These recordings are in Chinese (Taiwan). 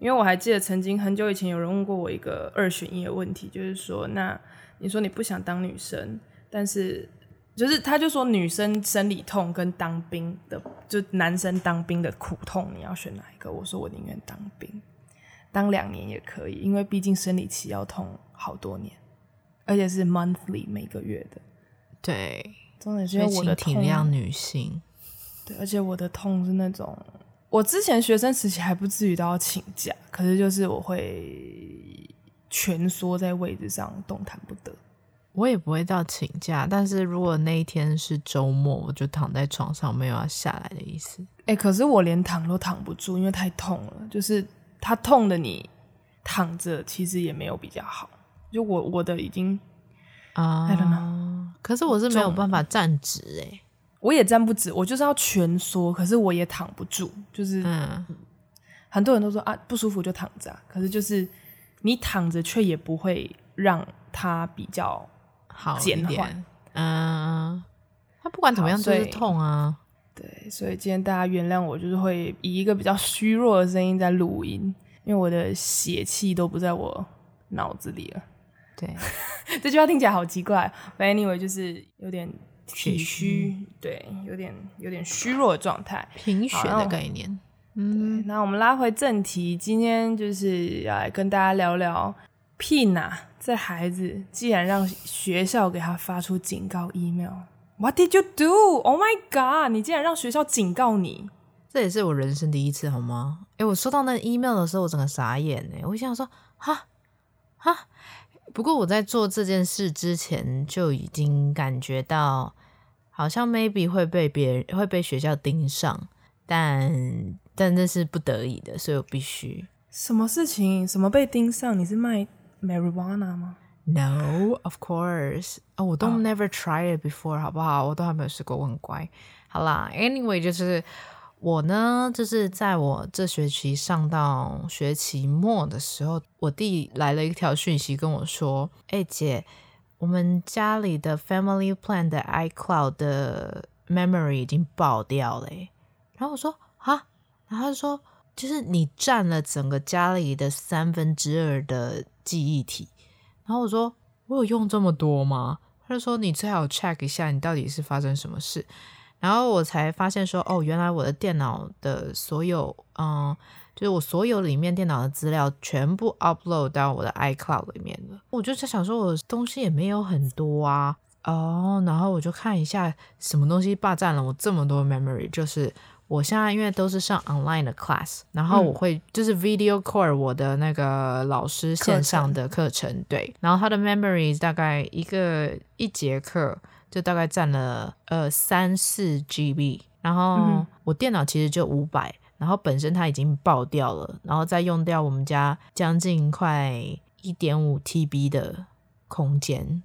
因為我還記得曾經很久以前有人問過我一個二選一的問題，就是說，那你說你不想當女生，但是就是他就說女生生理痛跟當兵的，就男生當兵的苦痛，你要選哪一個？我說我寧願當兵，當兩年也可以，因為畢竟生理期要痛好多年，而且是 monthly 每個月的。對，真的，是因為我的痛讓女性。對，而且我的痛是那種。我之前學生時期還不至於都要請假，可是就是我會蜷縮在位置上動彈不得。我也不會到請假，但是如果那一天是周末，我就躺在床上沒有要下來的意思。欸，可是我連躺都躺不住，因為太痛了。就是它痛的你躺着其實也沒有比較好。就我我的已經啊，uh, I don't know, 可是我是沒有辦法站直欸。我也站不直，我就是要蜷縮，可是我也躺不住。就是、嗯、很多人都說啊，不舒服就躺着、啊，可是就是你躺着卻也不會讓它比較好減緩。嗯、呃，它不管怎麼樣都是痛啊。對，所以今天大家原諒我，就是會以一個比較虛弱的聲音在錄音，因為我的血氣都不在我腦子裡了。對， 這句話聽起來好奇怪，但 anyway 就是有點。體虛，對，有點有點虛弱的狀態，貧血的概念。嗯，那我們拉回正題，今天就是要來跟大家聊聊 Pina 這孩子，竟然讓學校給他發出警告 email，What did you do? Oh my god！你竟然讓學校警告你，這也是我人生第一次，好嗎？誒我收到那 email 的時候，我整個傻眼哎，我想說，哈哈。不過我在做這件事之前就已經感覺到。好像 maybe 會被別人會被學校盯上，但但這是不得已的，所以我必須。什麼事情？什麼被盯上？你是賣 marijuana 嗎？No，of course。哦，我都 never tried it before，好不好？我都還沒有試過，我很乖。好啦，Anyway，就是我呢，就是在我這學期上到學期末的時候，我弟來了一條訊息跟我說：“哎、欸，姐。”我們家裡的 Family Plan 的 iCloud 的 Memory 已經爆掉了欸，然後我說啊，然後他就說就是你占了整個家裡的三分之二的記憶體，然後我說，我有用這麼多嗎？他就說，你最好 check 一下你到底是發生什麼事，然後我才發現說哦，原來我的電腦的所有嗯。就我所有裡面電腦的資料全部 upload 到我的 iCloud 裡面了，我就是想說，我東西也沒有很多啊，哦、oh,，然後我就看一下什麼東西霸佔了我這麼多 memory，就是我現在因為都是上 online 的 class，然後我會就是 video core 我的那個老師線上的課程，對，然後他的 memory 大概一個一節課就大概占了呃三四 GB，然後我電腦其實就五百。然後本身它已經爆掉了，然後再用掉我們家將近快一點五 TB 的空間，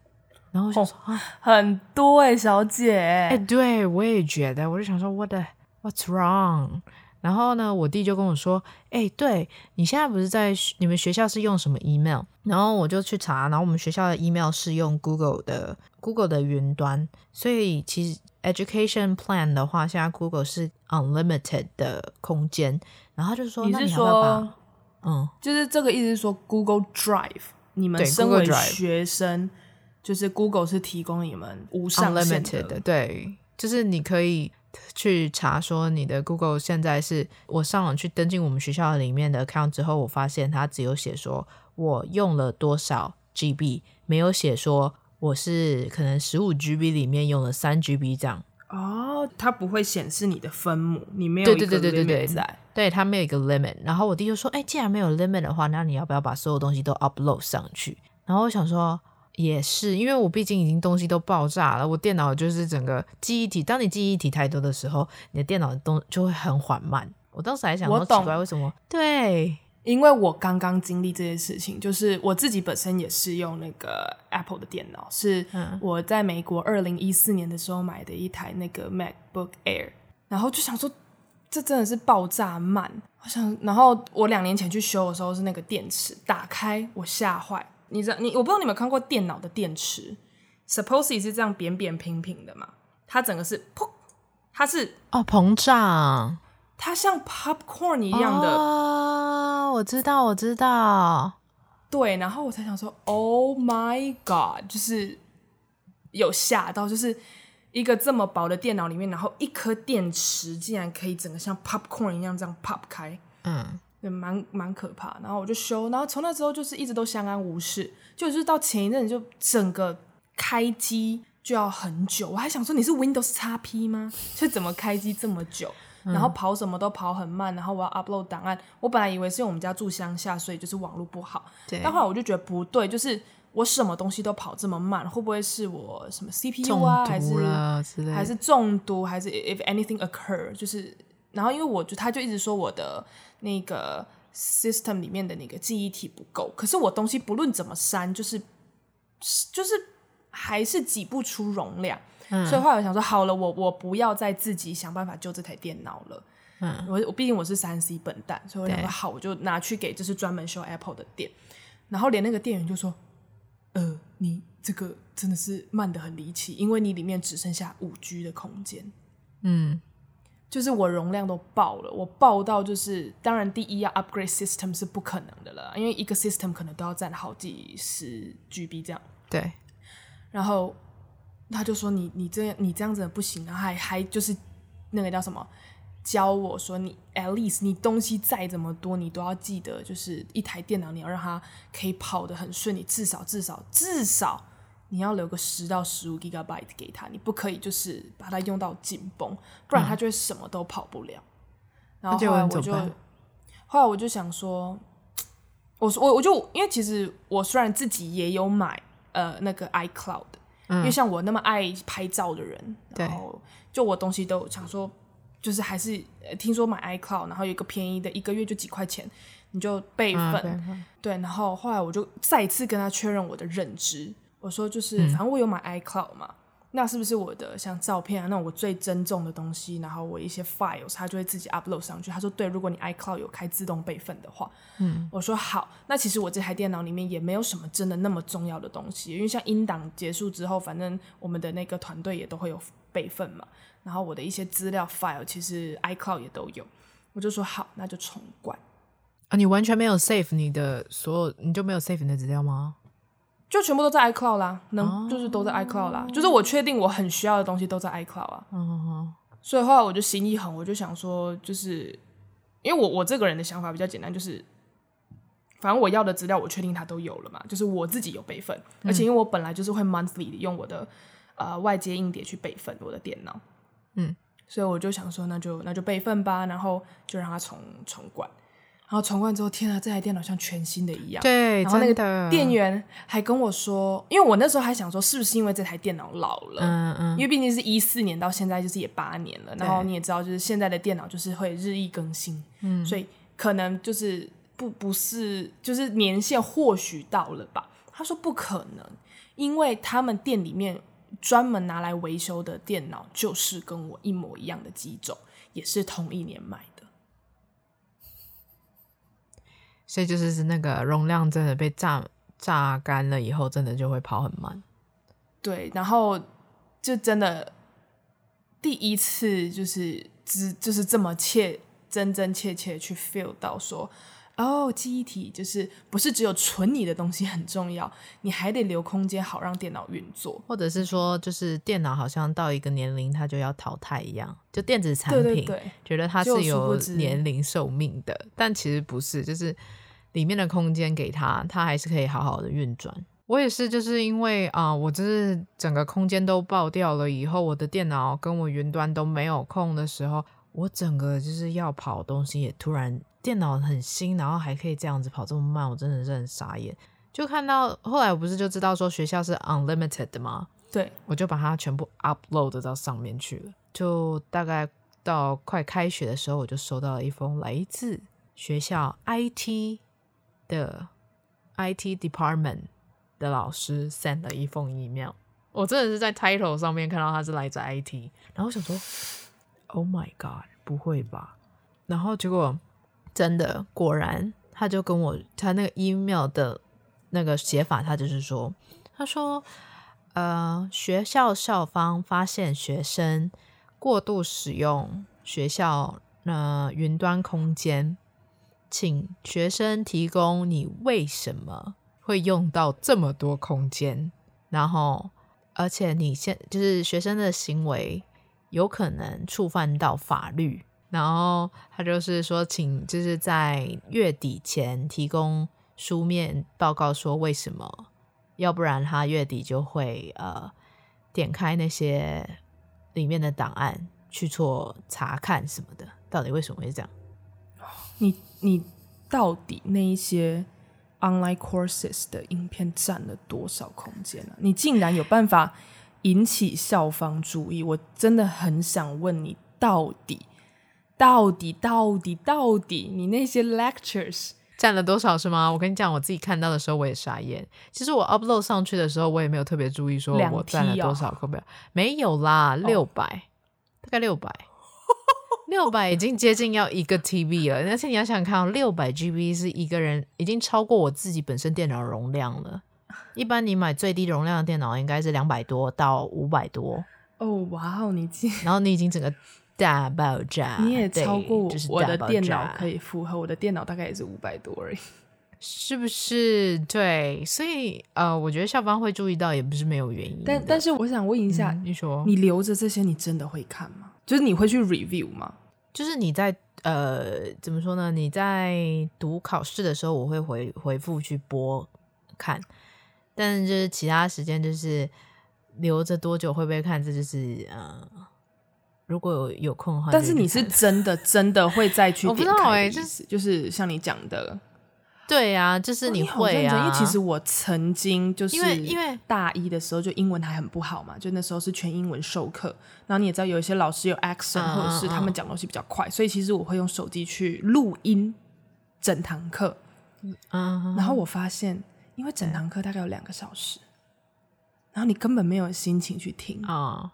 然後就啊、哦，很多哎，小姐哎，欸、對我也覺得，我就想說，what the, what's wrong？然後呢，我弟就跟我說：“哎、欸，對你現在不是在學你們學校是用什麼 email？” 然後我就去查，然後我們學校的 email 是用 Google 的 Google 的雲端，所以其實 Education Plan 的話，現在 Google 是 unlimited 的空間。然後他就說你是說，嗯，就是這個意思是說 Google Drive，你們身為學生，Drive, 就是 Google 是提供你們無上限的，Unlimited 的，對，就是你可以。去查說你的 Google 現在是，我上網去登進我們學校裡面的 account 之後，我發現它只有寫說我用了多少 GB，沒有寫說我是可能十五 GB 裡面用了三 GB 這樣。哦，它不會顯示你的分母，你沒有對，對對對對對對，對它沒有一個 limit。然後我弟就說，哎、欸，既然沒有 limit 的話，那你要不要把所有東西都 upload 上去？然後我想說。也是，因為我畢竟已經東西都爆炸了，我電腦就是整個記憶體。當你記憶體太多的時候，你的電腦的東就會很緩慢。我當時還想，我懂為什麼？對，因為我剛剛經歷這件事情，就是我自己本身也是用那個 Apple 的電腦，是我在美國二零一四年的時候買的一台那個 MacBook Air，然後就想說，這真的是爆炸慢，好像。然後我兩年前去修的時候是那個電池，打開我嚇壞。你知道你，我不知道你有沒有看過電腦的電池 supposedly 是這樣扁扁平平的嘛？它整個是噗，它是哦膨脹，它像 popcorn 一樣的、哦。我知道，我知道。對，然後我才想說，Oh my God，就是有嚇到，就是一個這麼薄的電腦裡面，然後一顆電池竟然可以整個像 popcorn 一樣這樣 pop 開，嗯。蠻蠻可怕，然後我就修，然後從那之後就是一直都相安無事，就，就是到前一陣子就整個開機就要很久，我還想說你是 Windows XP 嗎？就怎麼開機這麼久、 嗯？然後跑什麼都跑很慢，然後我要 upload 檔案，我本來以為是用我們家住鄉下，所以就是網絡不好對，但後來我就覺得不對，就是我什麼東西都跑這麼慢，會不會是我什麼 CPU 啊，還是,是還是中毒，還是 if anything occur，就是然後因為我就他就一直說我的。那個 system 裡面的那個記憶體不夠，可是我東西不論怎麼刪，就是就是還是擠不出容量，嗯，所以後來我想說，好了，我我不要再自己想辦法救這台電腦了，嗯、我我畢竟我是三 C 笨蛋，所以我想說好，我就拿去給就是專門修 Apple 的店，然後連那個店員就說，呃，你這個真的是慢得很離奇，因為你裡面只剩下五 G 的空間，嗯。就是我容量都爆了，我爆到就是，當然第一要 upgrade system 是不可能的了，因為一個 system 可能都要佔好幾十 GB 這樣。對，然後他就說你你這樣你這樣子不行，然後還還就是那個叫什麼，教我說你 at least 你東西再怎麼多，你都要記得就是一台電腦你要讓它可以跑得很順利，你至少至少至少。至少至少你要留個十到十五 GB 給他，你不可以就是把它用到緊繃，不然它就會什麼都跑不了。嗯、然後後來我就，嗯、後來我就，後來我就想說，我我我就因為其實我雖然自己也有買呃那個 iCloud，嗯、因為像我那麼愛拍照的人，然後就我東西都有想說，就是還是、呃、聽說買 iCloud，然後有一個便宜的，一個月就幾塊錢，你就備份，嗯、okay, okay. 對，然後後來我就再一次跟他確認我的認知。我說就是，反正我有買 iCloud 嘛，嗯、那是不是我的像照片啊，那我最珍重的東西，然後我一些 files 它就會自己 upload 上去。他說對，如果你 iCloud 有開自動備份的話，嗯，我說好，那其實我這台電腦裡面也沒有什麼真的那麼重要的東西，因為像音檔結束之後，反正我們的那個團隊也都會有備份嘛，然後我的一些資料 file 其實 iCloud 也都有，我就說好，那就重灌啊，你完全沒有 save 你的所有，你就沒有 save 你的資料嗎？就全部都在 iCloud 啦，能、no, oh, 就是都在 iCloud 啦，oh, 就是我確定我很需要的東西都在 iCloud 啊。嗯哼。所以後來我就心一橫，我就想說，就是因為我我這個人的想法比較簡單，就是反正我要的資料我確定它都有了嘛，就是我自己有備份，嗯、而且因為我本來就是會 monthly 的用我的呃外接硬碟去備份我的電腦，嗯，所以我就想說那就那就備份吧，然後就讓它重重灌。然後重灌之後，天啊，這台電腦像全新的一樣。對，然後那個店員還跟我說，因為我那時候還想說，是不是因為這台電腦老了？嗯嗯。因為畢竟是一四年到現在，就是也八年了。對。然後你也知道，就是現在的電腦就是會日益更新。嗯。所以可能就是不不是，就是年限或許到了吧？他說不可能，因為他們店裡面專門拿來維修的電腦，就是跟我一模一樣的機種，也是同一年買。所以就是是那個容量真的被榨榨乾了以後，真的就會跑很慢。對，然後就真的第一次就是只就是這麼切，真真切切去 feel 到說。哦、oh，記憶體就是不是只有存你的東西很重要，你還得留空間好讓電腦運作，或者是說，就是電腦好像到一個年齡它就要淘汰一樣，就電子產品覺得它是有年齡壽命的，但其實不是，就是裡面的空間給它，它還是可以好好的運轉。我也是，就是因為啊、呃，我就是整個空間都爆掉了以後，我的電腦跟我雲端都沒有空的時候，我整個就是要跑東西也突然。電腦很新，然後還可以這樣子跑這麼慢，我真的是很傻眼。就看到後來，我不是就知道說學校是 unlimited 的嗎？對，我就把它全部 upload 到上面去了。就大概到快開學的時候，我就收到了一封來自學校 IT 的 IT department 的老師 send 了一封 email。我真的是在 title 上面看到他是來自 IT，然後我想說 Oh my god，不會吧？然後結果。真的，果然，他就跟我他那個 email 的那個寫法，他就是說，他說，呃，學校校方發現學生過度使用學校那、呃、雲端空間，請學生提供你為什麼會用到這麼多空間，然後，而且你現就是學生的行為有可能觸犯到法律。然後他就是說，請就是在月底前提供書面報告，說為什麼要不然他月底就會呃點開那些裡面的檔案去做查看什麼的，到底為什麼會這樣？你你到底那一些 online courses 的影片占了多少空間呢、啊？你竟然有辦法引起校方注意，我真的很想問你到底。到底到底到底，你那些 lectures 佔了多少是嗎？我跟你講，我自己看到的時候我也傻眼。其實我 upload 上去的時候，我也沒有特別注意說我佔了多少公表、哦，沒有啦，六百，大概六百，六 百已經接近要一個 TB 了。 而且你要想看，六百 GB 是一個人已經超過我自己本身電腦容量了。一般你買最低容量的電腦應該是兩百多到五百多哦。哇、oh, wow，你記得然後你已經整個。大爆炸，你也超過、就是、我的電腦可以負荷，我的電腦大概也是五百多而已，是不是？對，所以呃，我覺得校方會注意到也不是沒有原因，但但是我想問一下，嗯、你說你留着這些，你真的會看嗎？就是你會去 review 嗎？就是你在呃，怎麼說呢？你在讀考試的時候，我會回回復去播看，但是，就是其他時間就是留着多久會不會看？這就是嗯。呃如果有有空的話，但是你是真的真的會再去點開 我，就是就是像你講的，對呀、啊，就是你會啊、哦你，因為其實我曾經就是因為大一的時候就英文還很不好嘛，就那時候是全英文授課，然後你也知道有一些老師有 accent 或者是他們講東西比較快，嗯、所以其實我會用手機去錄音整堂課，嗯、然後我發現、嗯、因為整堂課大概有兩個小時，然後你根本沒有心情去聽、嗯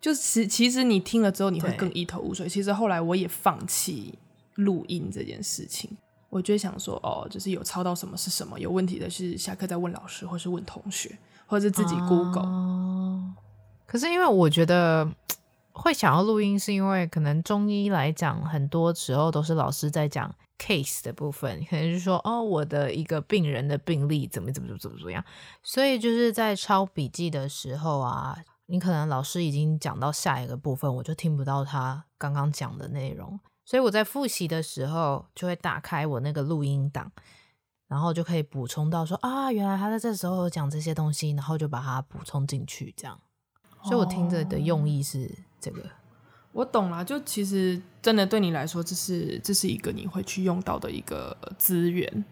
就是其實你聽了之後你會更一頭霧水。所以其實後來我也放棄錄音這件事情，我覺得想說哦，就是有抄到什麼是什麼有問題的，是下課再問老師，或是問同學，或是自己 Google。Uh, 可是因為我覺得會想要錄音，是因為可能中醫來講，很多時候都是老師在講 case 的部分，可能就是說哦，我的一個病人的病歷怎麼怎麼怎麼怎麼樣，所以就是在抄筆記的時候啊。你可能老師已經講到下一個部分，我就聽不到他剛剛講的內容，所以我在複習的時候就會打開我那個錄音檔，然後就可以補充到說啊，原來他在這時候講這些東西，然後就把它補充進去，這樣。所以，我聽着的用意是這個。哦，我懂了，就其實真的對你來說，這是這是一個你會去用到的一個資源。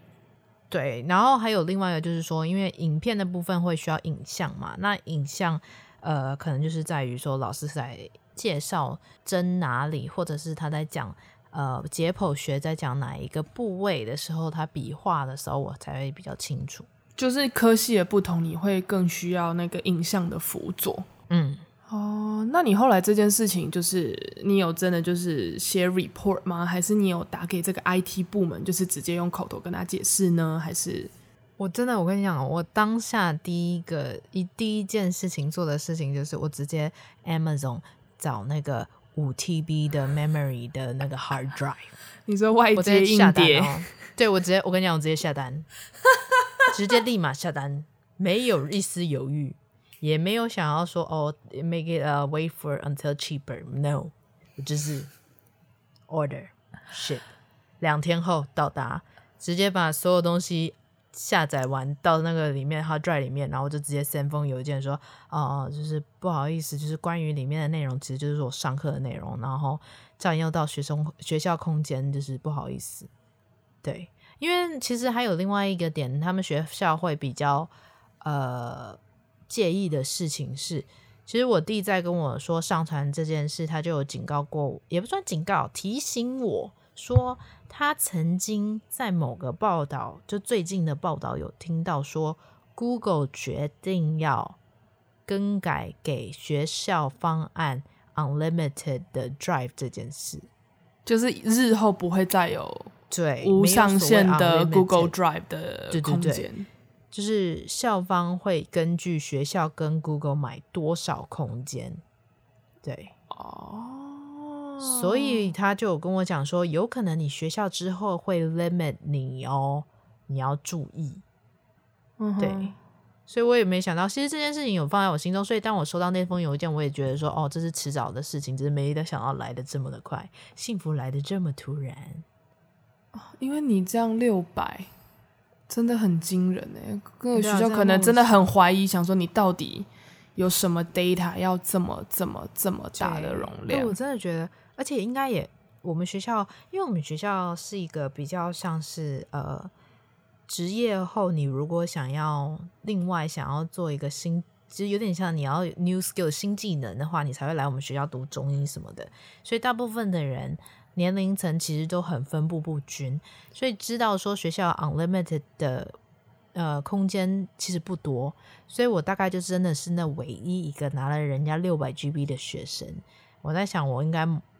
對，然後還有另外一個就是說，因為影片的部分會需要影像嘛，那影像。呃，可能就是在於說老師在介紹真哪裡，或者是他在講呃解剖學在講哪一個部位的時候，他比劃的時候，我才會比較清楚。就是科系的不同，你會更需要那個影像的輔佐。嗯，哦、呃，那你後來這件事情，就是你有真的就是寫 report 嗎？還是你有打給這個 IT 部門，就是直接用口頭跟他解釋呢？還是？我真的，我跟你講，我當下第一個一第一件事情做的事情就是，我直接 Amazon 找那個五 T B 的 Memory 的那個 Hard Drive，你說外接我直接硬盤，哦。 對，我直接，我跟你講，我直接下單，直接立馬下單，沒有一絲猶豫，也沒有想要說哦，make it、uh, wait for until cheaper，no，就是 order ship，兩天後到達，直接把所有東西。下載完到那個裡面 hard drive 裡面，然後就直接 send 封郵件說，哦哦，就是不好意思，就是關於裡面的內容，其實就是我上課的內容，然後佔用到學生學校空間，就是不好意思。對，因為其實還有另外一個點，他們學校會比較呃介意的事情是，其實我弟在跟我說上傳這件事，他就有警告過我，也不算警告，提醒我說。他曾經在某個報道，就最近的報道有聽到說，Google 決定要更改給學校方案 Unlimited 的 Drive 這件事，就是日後不會再有對無上限的 Google Drive 的空間，對對對，就是校方會根據學校跟 Google 買多少空間，對哦。所以他就有跟我講說，有可能你學校之後會 limit 你哦，你要注意。對、嗯，所以我也沒想到，其實這件事情有放在我心中。所以當我收到那封郵件，我也覺得說，哦，這是遲早的事情，只是沒得想到來得這麼的快，幸福來得這麼突然。因為你這樣六百，真的很驚人哎，各個學校可能真的很懷疑，想說你到底有什麼 data 要這麼這麼這麼大的容量？對，我真的覺得。而且應該也，我們學校，因為我們學校是一個比較像是呃，職業後你如果想要另外想要做一個新，其實有點像你要 new skill 新技能的話，你才會來我們學校讀中醫什麼的。所以大部分的人年齡層其實都很分布不均，所以知道說學校 unlimited 的呃空間其實不多，所以我大概就真的是那唯一一個拿了人家六百 GB 的學生。我在想，我應該。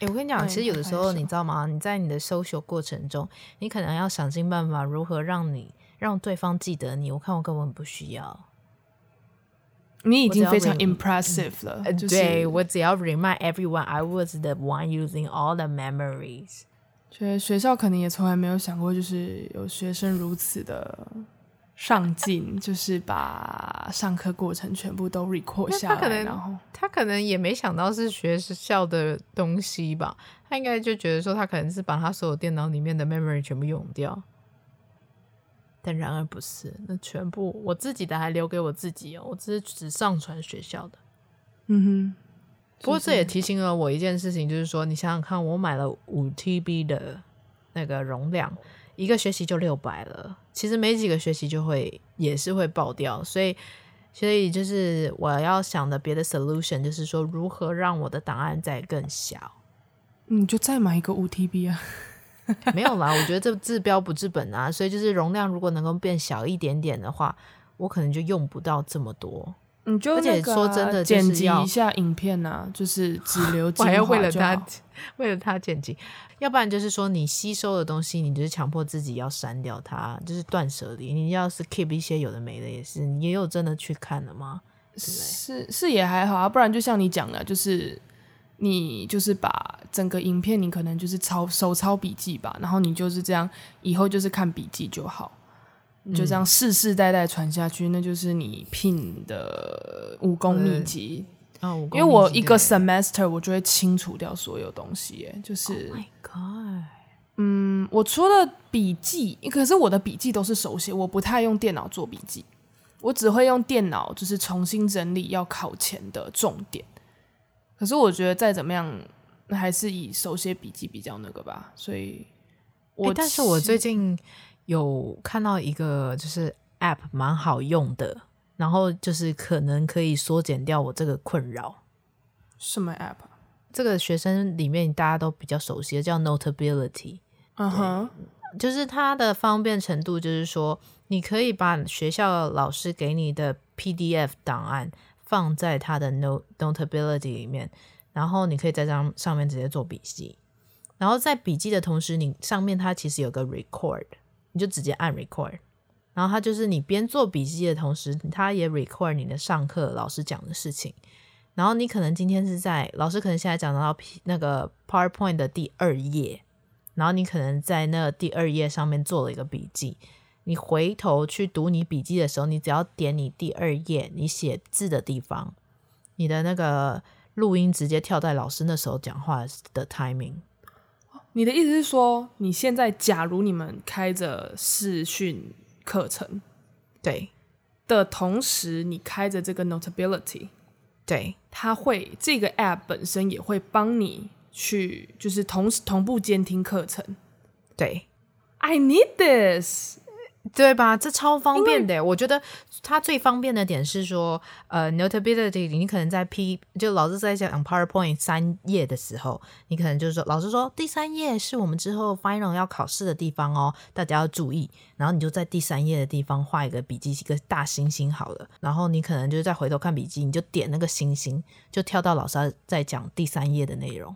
哎、欸，我跟你講，其實有的時候，嗯、你知道嗎？你在你的社交過程中，你可能要想盡辦法如何讓你讓對方記得你。我看我根本不需要，你已經非常 impressive 了。我就是嗯、對，我只要 remind everyone I was the one using all the memories。覺得學校肯定也從來沒有想過，就是有學生如此的。 上進就是把上課過程全部都 record 下來，他然後他可能也沒想到是學校的東西吧，他應該就覺得說他可能是把他所有電腦裡面的 memory 全部用掉，但然而不是，那全部我自己的還留給我自己哦，我只是只上傳學校的，嗯哼。不過這也提醒了我一件事情，就是說你想想看，我買了五 T B 的那個容量，一個學期就六百了，其實沒幾個學期就會也是會爆掉，所以所以就是我要想的別的 solution 就是說如何讓我的檔案再更小，你就再買一個五 T B 啊， 沒有啦，我覺得這治標不治本啊，所以就是容量如果能夠變小一點點的話，我可能就用不到這麼多。你就得，啊、說真的，剪輯一下影片呢，啊，就是只留精華 還要為了他， 為了他剪輯，要不然就是說你吸收的東西，你就是強迫自己要刪掉它，就是斷舍離。你要是 keep 一些有的沒的，也是你也有真的去看了嗎？是是也還好啊。不然就像你講的，就是你就是把整個影片，你可能就是抄手抄筆記吧，然後你就是這樣，以後就是看筆記就好。就這樣世世代代傳下去、嗯，那就是你聘的武功秘籍、嗯啊、武功秘籍，因為我一個 semester 我就會清除掉所有東西、欸，就是、Oh my God，嗯，我除了筆記，可是我的筆記都是手寫，我不太用電腦做筆記，我只會用電腦就是重新整理要考前的重點。可是我覺得再怎麼樣，還是以手寫筆記比較那個吧，所以，我、欸、但是我最近。有看到一個就是 App 蠻好用的，然後就是可能可以縮減掉我這個困擾。什麼 App？這個學生裡面大家都比較熟悉的叫 Notability。嗯哼，就是它的方便程度，就是說你可以把學校老師給你的 PDF 檔案放在它的 Not Notability 裡面，然後你可以在這上面直接做筆記。然後在筆記的同時，你上面它其實有個 Record。你就直接按 record，然後它就是你邊做筆記的同時，它也 record 你的上課老師講的事情。然後你可能今天是在老師可能現在講到那個 PowerPoint 的第二頁，然後你可能在那第二頁上面做了一個筆記。你回頭去讀你筆記的時候，你只要點你第二頁你寫字的地方，你的那個錄音直接跳在老師那時候講話的 timing。你的意思是說，你現在假如你們開着視訊課程，對，的同時你開着這個 Notability，對，它會這個 app 本身也會幫你去，就是同時同步監聽課程，對。I need this. 對吧？這超方便的，嗯。我覺得它最方便的點是說，呃，Notability，你可能在 P 就老師在講 PowerPoint 三頁的時候，你可能就是說，老師說第三頁是我們之後 final 要考試的地方哦，大家要注意。然後你就在第三頁的地方畫一個筆記，一個大星星好了。然後你可能就是再回頭看筆記，你就點那個星星，就跳到老師在講第三頁的內容。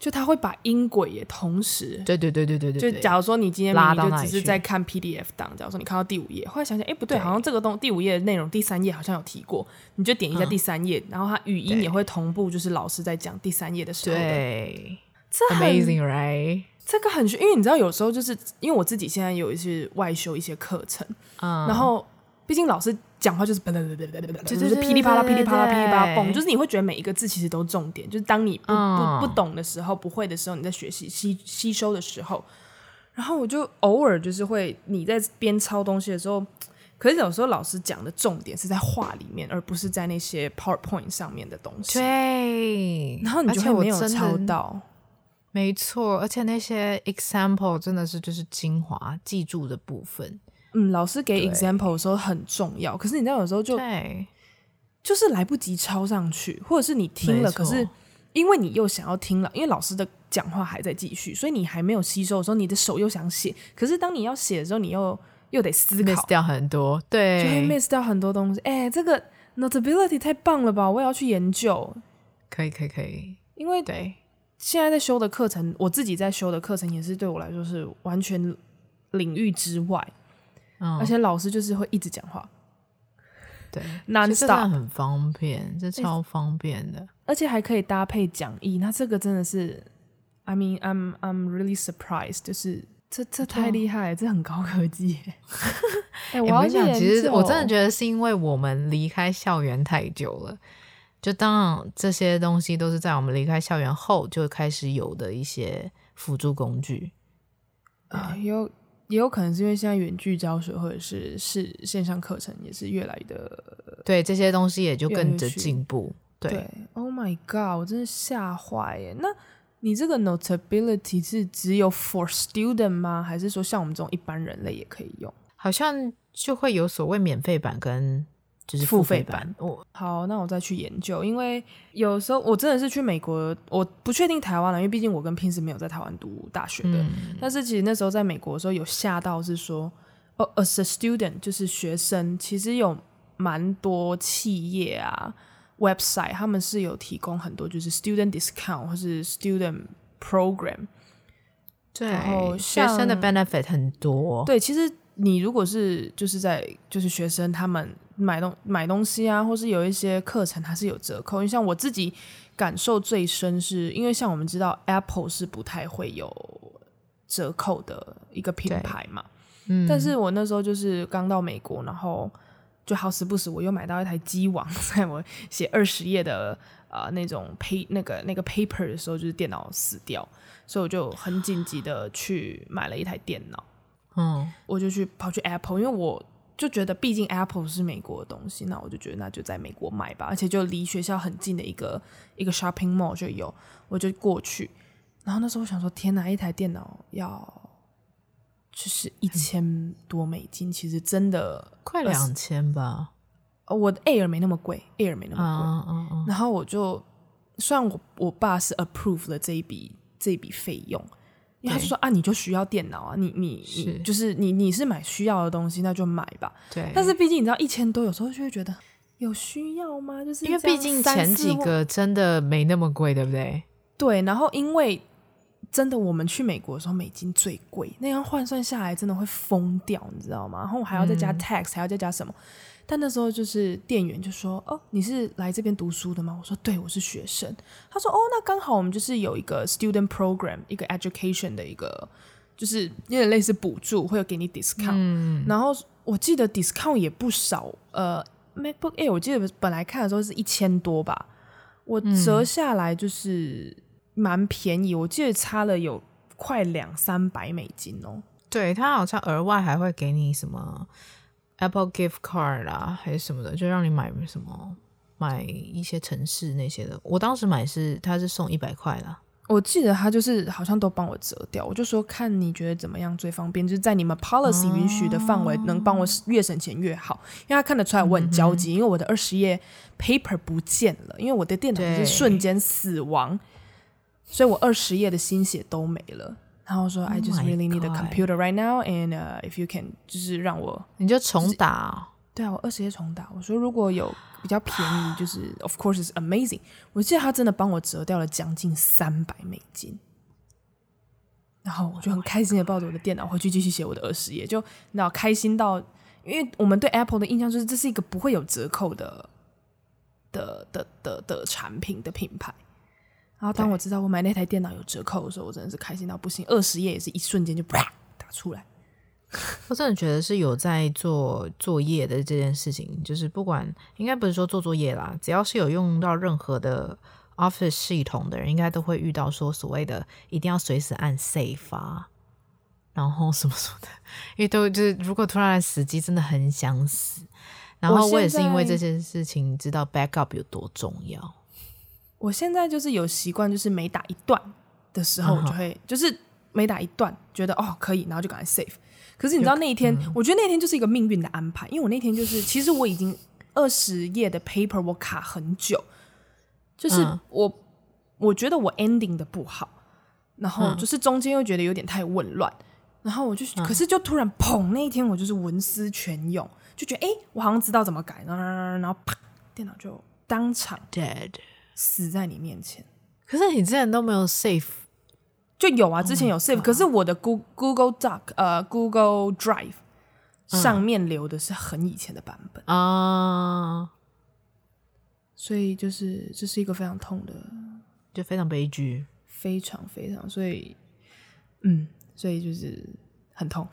就他會把音軌也同時對，對對對對對對，就假如說你今天你就只是在看 PDF 檔。假如說你看到第五頁，後來想想，哎、欸、不對，對，好像這個東西第五頁內容第三頁好像有提過，你就點一下第三頁、嗯，然後它語音也會同步，就是老師在講第三頁的時候的。對，這很 Amazing, right?，這個很因為你知道有時候就是因為我自己現在有一些外修一些課程、嗯，然後。畢竟老師講話就是對對對對對，就是噼里啪啦噼里啪啦噼里啪啦蹦，you mm -hmm. 就是你會覺得每一個字其實都重點。就是當你不、嗯、不不懂的時候，不會的時候，你在學習吸吸收的時候，然後我就偶爾就是會你在邊抄東西的時候，可是有時候老師講的重點是在話裡面，而不是在那些 PowerPoint 上面的東西。對，然後你就會沒有抄到。沒錯，而且那些 example 真的是就是精華，記住的部分。嗯，老師給 example 的時候很重要，可是你知道有時候就，就是來不及抄上去，或者是你聽了，可是因為你又想要聽了，因為老師的講話還在繼續，所以你還沒有吸收的時候，你的手又想寫，可是當你要寫的時候，你又又得思考，miss 掉很多，對，就會 miss 掉很多東西。哎、欸，這個 notability 太棒了吧，我也要去研究。可以，可以，可以，因為對現在在修的課程，我自己在修的課程也是對我來說是完全領域之外。嗯、而且老師就是會一直講話，對，那 上很方便， 這超方便的，而且還可以搭配講義，那這個真的是，I mean I'm I'm really surprised，就是這這太厲害了，這很高科技。哎、 欸 欸，我要講、 欸， 欸、其實我真的覺得是因為我們離開校園太久了，就當然這些東西都是在我們離開校園後就開始有的一些輔助工具啊，有。也有可能是因為現在遠距教學或者是是線上課程也是越來的越來越，對這些東西也就跟着進步。對，對，Oh my god，我真的嚇壞耶！那你這個 Notability 是只有 for student 嗎？還是說像我們這種一般人類也可以用？好像就會有所謂免費版跟。就是付費版，我、哦、好，那我再去研究，因為有時候我真的是去美國，我不確定台灣了，因為畢竟我跟 Pin 是沒有在台灣讀大學的、嗯。但是其實那時候在美國的時候，有嚇到是說，哦、嗯 oh，as a student，就是學生，其實有蠻多企業啊，website，他們是有提供很多就是 student discount 或是 student program，對，然後學生的 benefit 很多，對，其實。你如果是就是在就是學生，他們買東買東西啊，或是有一些課程，它是有折扣。因為像我自己感受最深是，是因為像我們知道，Apple 是不太會有折扣的一個品牌嘛。嗯，但是我那時候就是剛到美國，然後就好時不時我又買到一台機網，在 我寫二十頁的啊、呃、那種 p 那個那個 paper 的時候，就是電腦死掉，所以我就很緊急的去買了一台電腦。嗯，我就去跑去 Apple，因為我就覺得，畢竟 Apple 是美國的東西，那我就覺得那就在美國買吧，而且就離學校很近的一個一個 shopping mall 就有，我就過去。然後那時候我想說，天哪，一台電腦要就是一千多美金，嗯、其實真的快兩千吧。我的 Air 沒那麼貴，Air 沒那麼貴。嗯嗯嗯嗯。然後我就，雖然我我爸是 approve 了這一筆這一筆費用。他就說啊，你就需要電腦啊，你你你就是你你是買需要的東西，那就買吧。對，但是畢竟你知道一千多，有時候就會覺得有需要嗎？就是因為畢竟前幾，對對前幾個真的沒那麼貴，對不對？對，然後因為真的我們去美國的時候，美金最貴，那樣換算下來真的會瘋掉，你知道嗎？然後還要再加 tax，、嗯、還要再加什麼？但那時候就是店員就說：“哦，你是來這邊讀書的嗎？”我說：“對，我是學生。”他說：“哦，那剛好我們就是有一個 student program，一個 education 的一個，就是有點類似補助，會有給你 discount。嗯。然後我記得 discount 也不少，呃，MacBook，哎，我記得本來看的時候是一千多吧，我折下來就是蠻便宜。嗯。我記得差了有快兩三百美金哦。喔。對，他好像額外還會給你什麼。Apple Gift Card 啦，啊，還是什麼的，就讓你買什麼買一些城市那些的。我當時買是，他是送一百塊的。我記得他就是好像都幫我折掉。我就說，看你覺得怎麼樣最方便，就是在你們 Policy 允許的範圍，哦，能幫我越省錢越好。因為他看得出來我很焦急，嗯，因為我的二十頁 paper 不見了，因為我的電腦就瞬間死亡，所以我二十頁的心血都沒了。然後說、oh、I just really need a computer right now，and、uh，if you can，就是讓我你就重打，對啊，我二十頁重打。我說如果有比較便宜，就是、oh 就是、of course it's amazing。我記得他真的幫我折掉了將近三百美金。然後我就很開心的抱着我的電腦回去繼續寫我的二十頁，就那開心到，因為我們對 Apple 的印象就是這是一個不會有折扣的的的的的、的產品的品牌。然後當我知道我買那台電腦有折扣的時候，我真的是開心到不行。二十頁也是一瞬間就啪打出來，我真的覺得是有在做作業的這件事情，就是不管應該不是說做作業啦，只要是有用到任何的 Office 系統的人，應該都會遇到說所謂的一定要隨時按 Save 啊，然後什麼什麼的，因為都就是如果突然死機，真的很想死。然後我也是因為這件事情知道 Back Up 有多重要。我現在就是有習慣，就是每打一段的時候，我就會就是每打一段，覺得、嗯、哦可以，然後就趕快 save。可是你知道那一天，嗯、我覺得那一天就是一個命運的安排，因為我那天就是其實我已經二十頁的 paper 我卡很久，就是我、嗯、我覺得我 ending 的不好，然後就是中間又覺得有點太紊亂，然後我就、嗯、可是就突然砰那一天我就是文思泉湧，就覺得哎、欸、我好像知道怎麼改，然後然後啪電腦就當場 dead。死在你面前，可是你之前都沒有 save？就有啊，之前有 save，可是我的 Google Google Doc，呃 Google Drive 上面留的是很以前的版本啊。嗯，所以就是這就是一個非常痛的，就非常悲劇，非常非常，所以嗯，所以就是。很痛，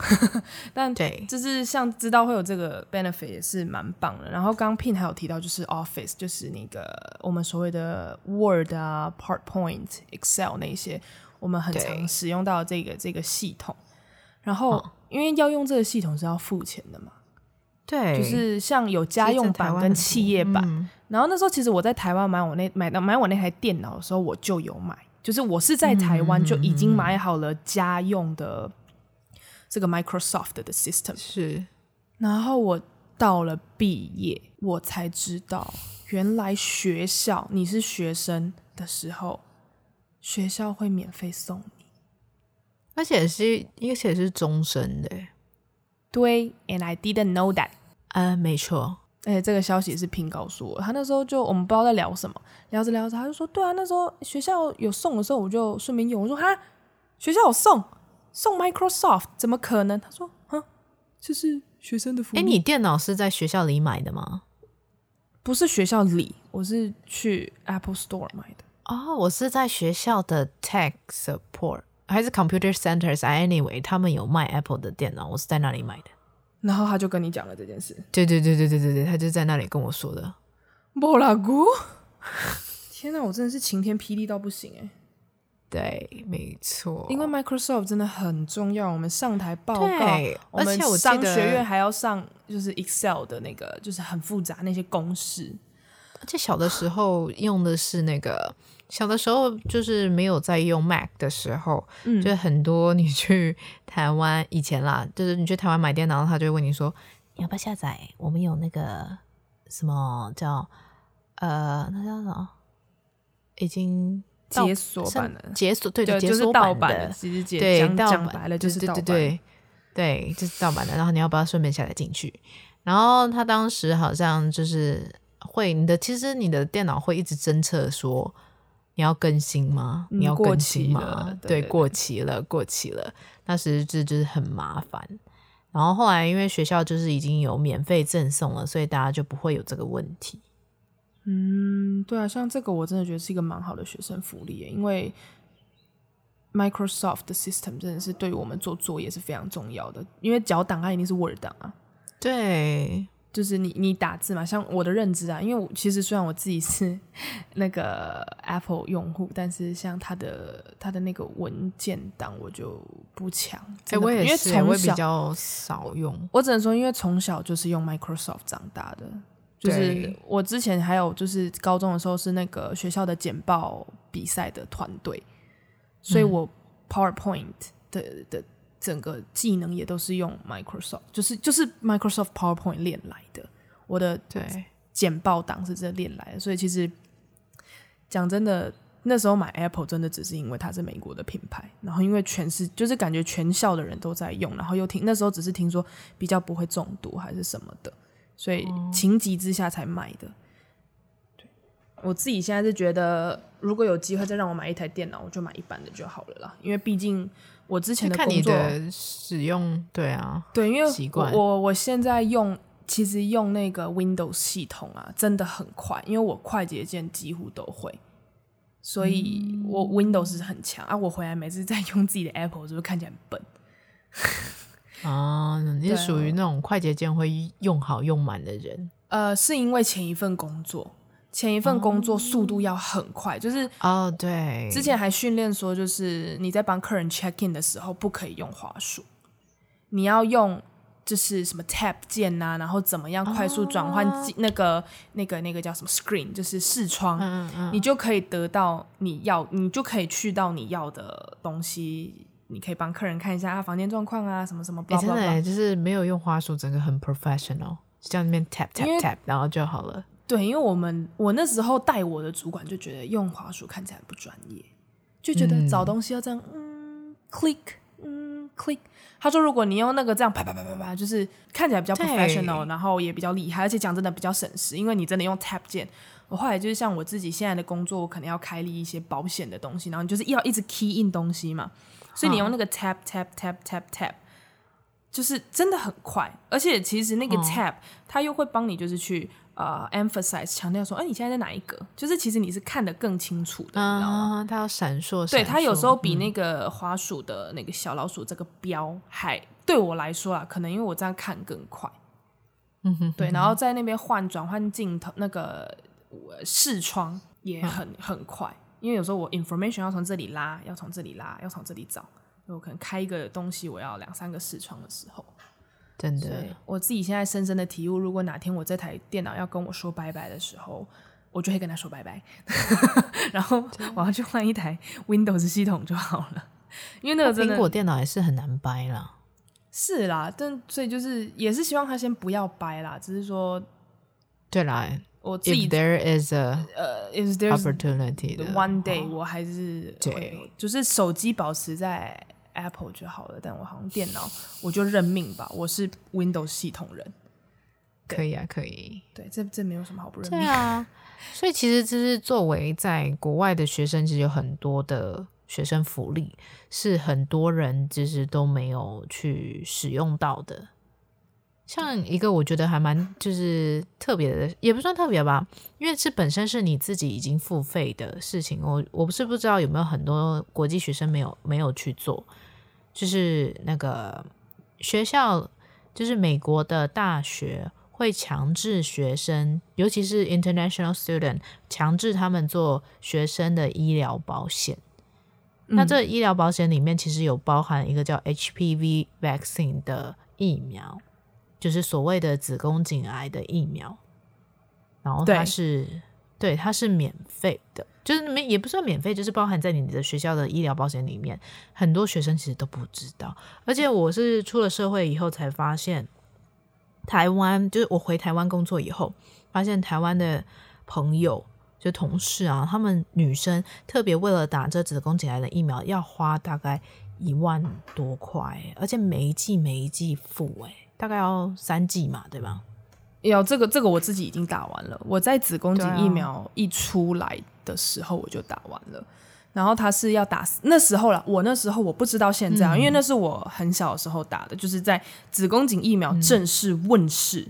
但對，就是像知道會有這個 benefit 也是蠻棒的。然後剛 Pin 還有提到，就是 office 就是那個我們所謂的 Word 啊、PowerPoint、Excel 那一些，我們很常使用到這個這個系統。然後因為要用這個系統是要付錢的嘛，對，就是像有家用版跟企業版。嗯、然後那時候其實我在台灣買我那買到買我那台電腦的時候，我就有買，就是我是在台灣就已經買好了家用的，這個 Microsoft 的 system 是，然後我到了畢業，我才知道原來學校你是學生的時候，學校會免費送你，而且是而且是終身的。對，and I didn't know that 嗯、呃，沒錯，而且這個消息是 Pin 告訴我，他那時候就我們不知道在聊什麼，聊着聊着他就說，對啊，那時候學校有送的時候，我就順便用。我說哈，學校有送。送、so、Microsoft 怎麼可能？他說：“哼，這是學生的服務。”哎，你電腦是在學校裡買的嗎？不是學校裡，我是去 Apple Store 買的。哦、oh,，我是在學校的 Tech Support 還是 Computer Centers anyway，他們有賣 Apple 的電腦，我是在那裡買的。然後他就跟你講了這件事。對對對對對對對，他就在那裡跟我說的。莫拉姑， 天哪，我真的是晴天霹靂到不行哎。對，沒錯。因為 Microsoft 真的很重要，我們上台報告，而且我，我們商學院還要上，就是 Excel 的那個，就是很複雜那些公式。而且小的時候用的是那個，小的時候就是沒有在用 Mac 的時候，嗯、就是很多你去台灣以前啦，就是你去台灣買電腦，他就會問你說，要不要下載？我們有那個什麼叫呃，那叫什麼？已經。解鎖版的，解鎖，對，對，解鎖版的，對，就是盜版的。對，就是盜版的。 然後你要不要順便下載進去？然後他當時好像就是會你的，其實你的電腦會一直偵測說你要更新嗎？你要更新嗎？嗯、對、對，過期了，過期了。那時就是很麻煩。然後後來因為學校就是已經有免費贈送了，所以大家就不會有這個問題。嗯，對啊，像這個我真的覺得是一個蠻好的學生福利，因為 Microsoft 的 system 真的是對於我們做作業是非常重要的，因為腳檔它一定是 Word 檔啊。對，就是你你打字嘛，像我的認知啊，因為我其實雖然我自己是那個 Apple 用戶，但是像它的它的那個文件檔我就不強，哎，我也是，因為從小我也比較少用。我只能說，因為從小就是用 Microsoft 長大的。就是我之前還有就是高中的時候是那個學校的簡報比賽的團隊，所以我 PowerPoint 的的整個技能也都是用 Microsoft，就是就是 Microsoft PowerPoint 練來的。我的對簡報檔是這練來的，所以其實講真的，那時候買 Apple 真的只是因為它是美國的品牌，然後因為全是就是感覺全校的人都在用，然後又聽那時候只是聽說比較不會中毒還是什麼的。所以情急之下才買的，對，我自己現在是覺得，如果有機會再讓我買一台電腦，我就買一般的就好了啦，因為畢竟我之前的工作使用，對啊，對，因為習慣我我現在用其實用那個 Windows 系統啊，真的很快，因為我快捷鍵幾乎都會，所以我 Windows 是很強啊。我回來每次在用自己的 Apple，是不是看起來很笨？啊、哦，你是屬於那種快捷鍵會用好用滿的人。呃，是因為前一份工作，前一份工作速度要很快，哦、就是哦，對。之前還訓練說，就是你在幫客人 check in 的時候，不可以用滑鼠，你要用就是什麼 tab 鍵啊，然後怎麼樣快速轉換、哦、那個那個那個叫什麼 screen，就是視窗，嗯嗯嗯，你就可以得到你要，你就可以去到你要的東西。你可以幫客人看一下啊，房間狀況啊，什麼什麼。真、欸、的、欸、就是沒有用滑鼠，整個很 professional，像那邊 tap tap tap，然後就好了。對，因為我們我那時候帶我的主管就覺得用滑鼠看起來不專業，就覺得找東西要這樣，嗯，嗯，click，嗯，click。他說如果你用那個這樣啪啪啪啪啪，就是看起來比較 professional，然後也比較厲害，而且講真的比較省事，因為你真的用 tap 鍵。我後來就是像我自己現在的工作，我可能要開立一些保險的東西，然後你就是要一直 key in 東西嘛。所以你用那個 tab, tab tab tab tab tab，就是真的很快，而且其實那個 tab、哦、它又會幫你就是去呃、uh, emphasize 強調說，哎，你現在在哪一格？就是其實你是看得更清楚的，啊你知道嗎？它要閃爍，對，閃爍，它有時候比那個滑鼠的、嗯、那個小老鼠這個標還對我來說啊，可能因為我這樣看更快。嗯哼，對，然後在那邊換轉換鏡頭那個視窗也很、嗯、很快。因為有時候我 information 要從這裡拉，要從這裡拉，要從這裡找，我可能開一個東西，我要兩三個視窗的時候，真的。我自己現在深深的體悟，如果哪天我這台電腦要跟我說拜拜的時候，我就會跟他說拜拜， 然後我要去換一台 Windows 系統就好了。因為那個蘋果電腦也是很難掰啦，是啦，但所以就是也是希望他先不要掰啦，只是說對啦、欸。If there is a opportunity one day，、嗯、我還是對，okay, 就是手機保持在 Apple 就好了。但我好像電腦， 我就認命吧，我是 Windows 系統人。可以啊，可以。對，這這沒有什麼好不認命啊。所以其實這是作為在國外的學生，其實有很多的學生福利是很多人其實都沒有去使用到的。像一個我覺得還蠻就是特別的，也不算特別吧，因為這本身是你自己已經付費的事情。我我不是不知道有沒有很多國際學生沒有沒有去做，就是那個學校，就是美國的大學會強制學生，尤其是 international student，強制他們做學生的醫療保險。嗯、那這醫療保險裡面其實有包含一個叫 HPV vaccine 的疫苗。就是所謂的子宮頸癌的疫苗，然後它是對，對它是免費的，就是也不算免費，就是包含在你的學校的醫療保險裡面。很多學生其實都不知道，而且我是出了社會以後才發現，台灣就是我回台灣工作以後，發現台灣的朋友就同事啊，他們女生特別為了打這子宮頸癌的疫苗，要花大概一萬多塊，而且每一季每一季付、欸大概要三劑嘛，對吧？有這個，這個我自己已經打完了。我在子宮頸疫苗一出來的時候，我就打完了、啊。然後他是要打那時候了，我那時候我不知道現在、嗯，因為那是我很小的時候打的，就是在子宮頸疫苗正式問世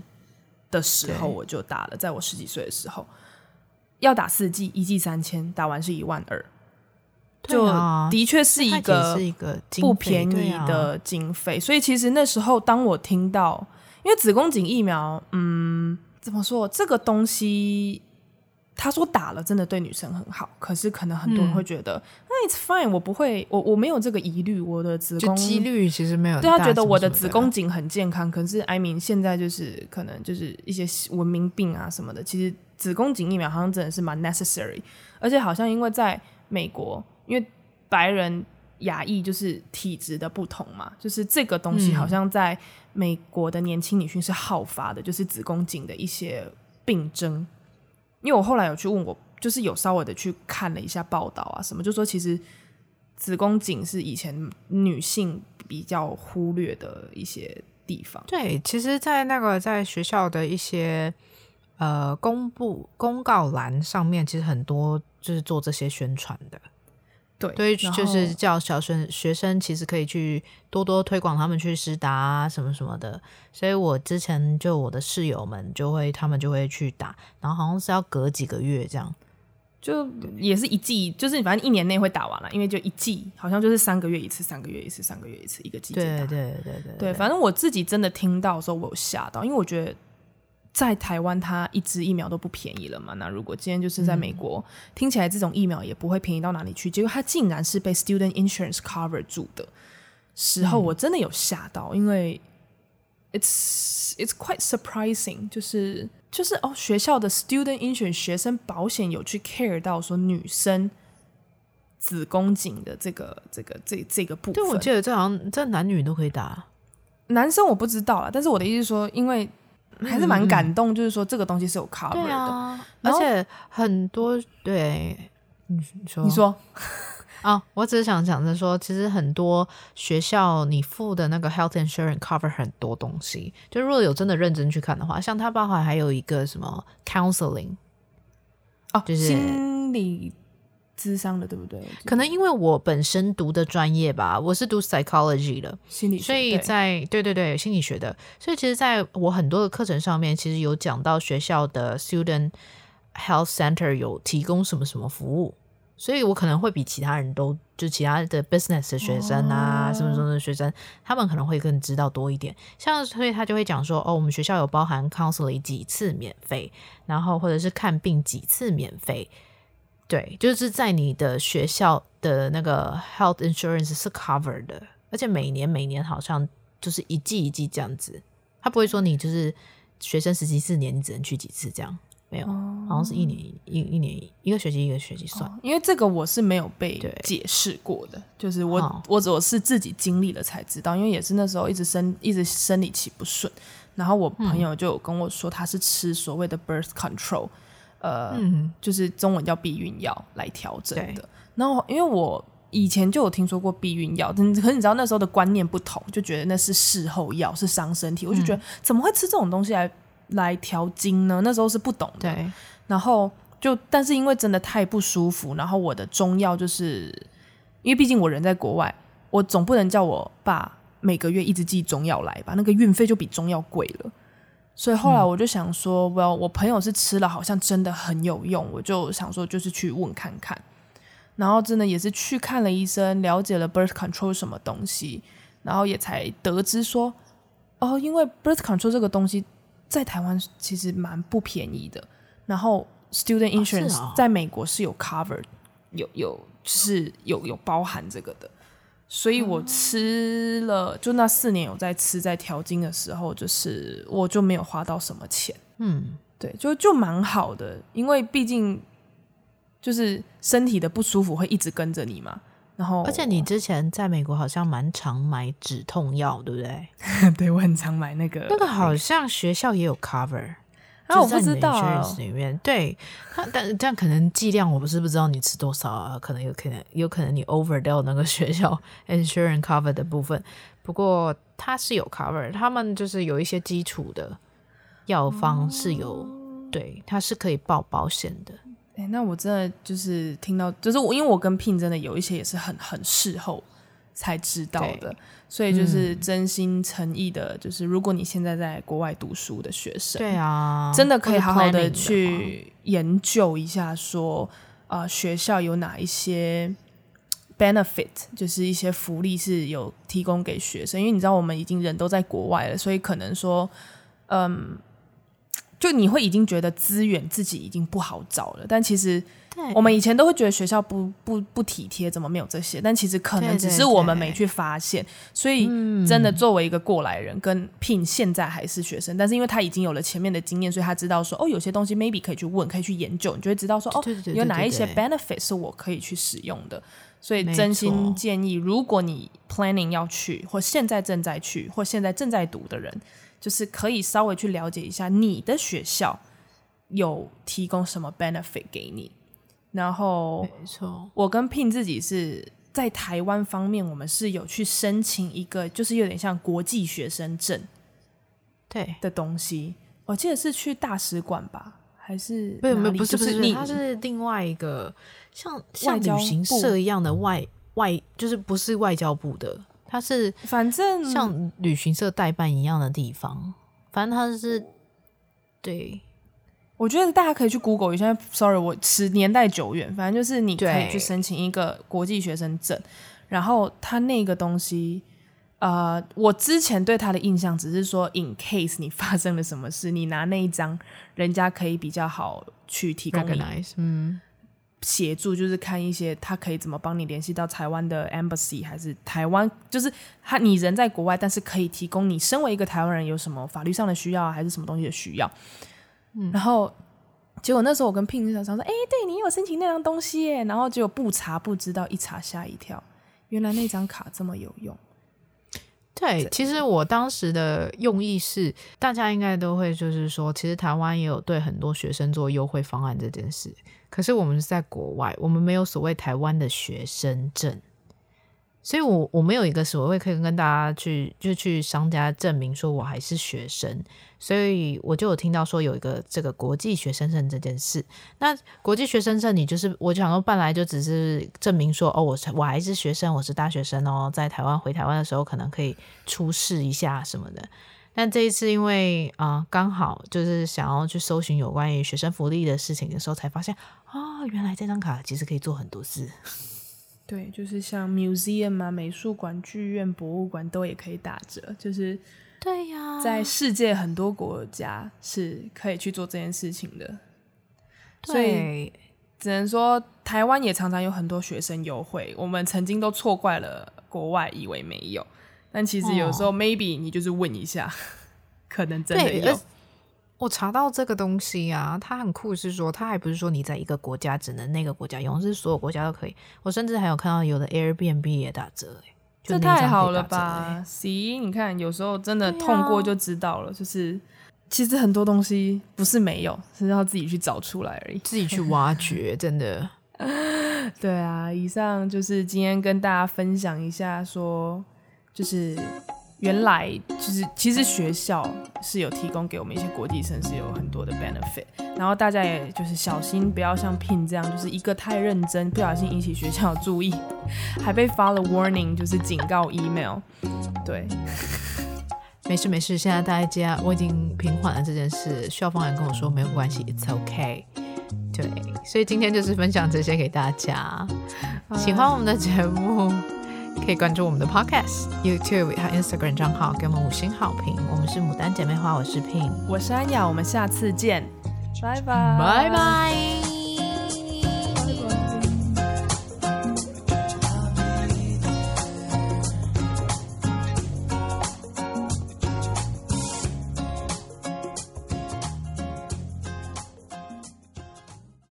的時候，我就打了、嗯，在我十幾歲的時候。要打四劑，一劑三千，打完是一萬二。就的確是一個不便宜的經費、啊，所以其實那時候當我聽到，因為子宮頸疫苗，嗯，怎麼說這個東西？他說打了真的對女生很好，可是可能很多人會覺得、嗯、那 it's fine，我不會，我我沒有這個疑慮，我的子宮幾率其實沒有，對，他覺得我的子宮頸很健康。可是 I mean, 現在就是可能就是一些文明病啊什麼的，其實子宮頸疫苗好像真的是蠻 necessary，而且好像因為在。美國，因為白人亞裔就是體質的不同嘛，就是這個東西好像在美國的年輕女性是好發的，就是子宮頸的一些病症。因為我後來有去問過，就是有稍微的去看了一下報道啊，什麼就說其實子宮頸是以前女性比較忽略的一些地方。對，其實，在那個在學校的一些呃公布公告欄上面，其實很多。就是做這些宣傳的，對，所以就是叫小學生學生，其實可以去多多推廣他們去施打啊什麼什麼的。所以我之前就我的室友們就會，他們就會去打，然後好像是要隔幾個月這樣，就也是一季，就是反正一年內會打完了，因為就一季，好像就是三個月一次，三個月一次，三個月一次，一個季節。對對對對對，對，對，對，反正我自己真的聽到的時候我有嚇到，因為我覺得。在台灣，它一支疫苗都不便宜了嘛？那如果今天就是在美國，嗯、聽起來這種疫苗也不會便宜到哪裡去。結果它竟然是被 student insurance cover 住的時候，嗯、我真的有嚇到，因為 it's it's quite surprising，就是就是哦，學校的 student insurance 學生保險有去 care 到說女生子宮頸的這個這個這個、這個部分。對，我記得這好像這男女都可以打，男生我不知道啦，但是我的意思是說，因為。還是蠻感動，嗯，就是說這個東西是有 cover 的。啊、而且很多，嗯、對你說你說啊，哦，我只是想講的是說，其實很多學校你付的那個 health insurance cover 很多東西，就如果有真的認真去看的話，像他包含還有一個什麼 counseling，就是，哦，就是心理。諮商的對不對？可能因為我本身讀的專業吧，我是讀 psychology 的心理學，所以在對、對對對心理學的，所以其實在我很多的課程上面，其實有講到學校的 Student Health Center 有提供什麼什麼服務，所以我可能會比其他人都就其他的 business 的學生啊，哦、什麼什麼的學生，他們可能會更知道多一點。像所以他就會講說，哦，我們學校有包含 counseling 幾次免費，然後或者是看病幾次免費。對，就是在你的學校的那個 health insurance 是 covered 的，而且每年每年好像就是一季一季這樣子，他不會說你就是學生實習四年你只能去幾次這樣，沒有，哦、好像是一年一一年一個學期一個學期算，哦，因為這個我是沒有被解釋過的，就是我、哦、我我是自己經歷了才知道，因為也是那時候一直生一直生理期不順，然後我朋友就跟我說他是吃所謂的 birth control。呃、嗯，就是中文叫避孕藥來調整的。然後，因為我以前就有聽說過避孕藥，但可是你知道那時候的觀念不同，就覺得那是事後藥，是傷身體。嗯、我就覺得怎麼會吃這種東西來來調經呢？那時候是不懂的。然後就，但是因為真的太不舒服，然後我的中藥就是因為畢竟我人在國外，我總不能叫我爸每個月一直寄中藥來吧？那個運費就比中藥貴了。所以後來我就想說、嗯、Well，我朋友是吃了，好像真的很有用。我就想說，就是去問看看。然後真的也是去看了醫生，了解了 birth control 什麼東西，然後也才得知說，哦，因為 birth control 這個東西在台灣其實蠻不便宜的。然後 student insurance、哦、在美國是有 cover，有有就是有有包含這個的。所以我吃了，就那四年有在吃，在調經的時候，就是我就沒有花到什麼錢，嗯，對，就就蠻好的，因為畢竟就是身體的不舒服會一直跟着你嘛。然後，而且你之前在美國好像蠻常買止痛藥，對不對？ 對，我很常買那個，那個好像學校也有 cover。啊、就是啊、我不知道裡面，對，但但可能劑量，我不是不知道你吃多少啊，可能有可能有可能你 over 掉那個學校 insurance cover 的部分，不過它是有 cover，他們就是有一些基礎的藥方是有，嗯、對，它是可以報保險的。誒、欸，那我真的就是聽到，就是我因為我跟 Pin 真的有一些也是很很事後。才知道的，所以就是真心誠意的，嗯，就是如果你現在在國外讀書的學生，對啊，真的可以好好的去研究一下說，說啊，呃，學校有哪一些 benefit，就是一些福利是有提供給學生，因為你知道我們已經人都在國外了，所以可能說，嗯。就你會已經覺得資源自己已經不好找了，但其實我們以前都會覺得學校不不不體貼，怎麼沒有這些？但其實可能只是我們沒去發現。對對對，所以真的作為一個過來人，嗯，跟 Pin 現在還是學生，但是因為他已經有了前面的經驗，所以他知道說哦，有些東西 maybe 可以去問，可以去研究，你就會知道說對對對對對對對哦，有哪一些 benefit 是我可以去使用的。所以真心建議，如果你 planning 要去，或現在正在去，或現在正在讀的人。就是可以稍微去了解一下你的學校有提供什麼 benefit 給你，然後沒錯，我跟 Pin 自己是在台灣方面，我們是有去申請一個，就是有點像國際學生證，對的東西，我記得是去大使館吧，還是沒有沒有不是不是他是，另外一個像像旅行社一樣的外外，就是不是外交部的。他是反正像旅行社代辦一樣的地方，反正他是對，我覺得大家可以去 Google 一下。Sorry，我十年代久遠，反正就是你可以去申請一個國際學生證，然後他那個東西，啊、呃，我之前對他的印象只是說，in case 你發生了什麼事，你拿那一張，人家可以比較好去提供個 nice，嗯。協助就是看一些他可以怎麼幫你聯繫到台灣的 embassy，還是台灣就是他你人在國外，但是可以提供你身為一個台灣人有什麼法律上的需要，還是什麼東西的需要。嗯，然後結果那時候我跟 Pin 想說：“哎、欸，對你有申請那張東西耶。”然後就不查不知道，一查嚇一跳，原來那張卡這麼有用對。對，其實我當時的用意是，大家應該都會就是說，其實台灣也有對很多學生做優惠方案這件事。可是我們是在國外，我們沒有所謂台灣的學生證，所以我我沒有一個所謂可以跟大家去就去商家證明說我還是學生，所以我就有聽到說有一個這個國際學生證這件事。那國際學生證你就是我想說辦來就只是證明說哦，我我還是學生，我是大學生哦，在台灣回台灣的時候可能可以出示一下什麼的。但這一次因為啊剛好就是想要去搜尋有關於學生福利的事情的時候，才發現。哦，原來這張卡其實可以做很多事。對，就是像 museum 啊、美術館、劇院、博物館都也可以打折。就是，對呀，在世界很多國家是可以去做這件事情的。對。所以只能說，台灣也常常有很多學生優惠。我們曾經都錯怪了國外，以為沒有，但其實有時候 maybe 你就是問一下，哦、可能真的有。我查到這個東西啊，它很酷，是說它還不是說你在一個國家只能那個國家用，是所有國家都可以。我甚至還有看到有的 Airbnb 也打折，欸打折欸，這太好了吧。行，你看有時候真的痛過就知道了，啊、就是其實很多東西不是沒有，是要自己去找出來而已，自己去挖掘， 真的。 對啊，以上就是今天跟大家分享一下說，說就是。原來就是，其實學校是有提供給我們一些國際生是有很多的 benefit，然後大家也就是小心不要像 Pin 這樣，就是一個太認真，不小心引起學校的注意，還被發了 warning，就是警告 email。對，沒事沒事，現在大家我已經平緩了這件事，校方也跟我說沒有關係，it's okay。對，所以今天就是分享這些給大家，喜歡我們的節目。Uh... 可以關注我們的 Podcast、YouTube 和 Instagram 賬號，給我們五星好評。我們是母單姊妹花，我是 Pin，我是安雅，我們下次見，拜拜，拜拜。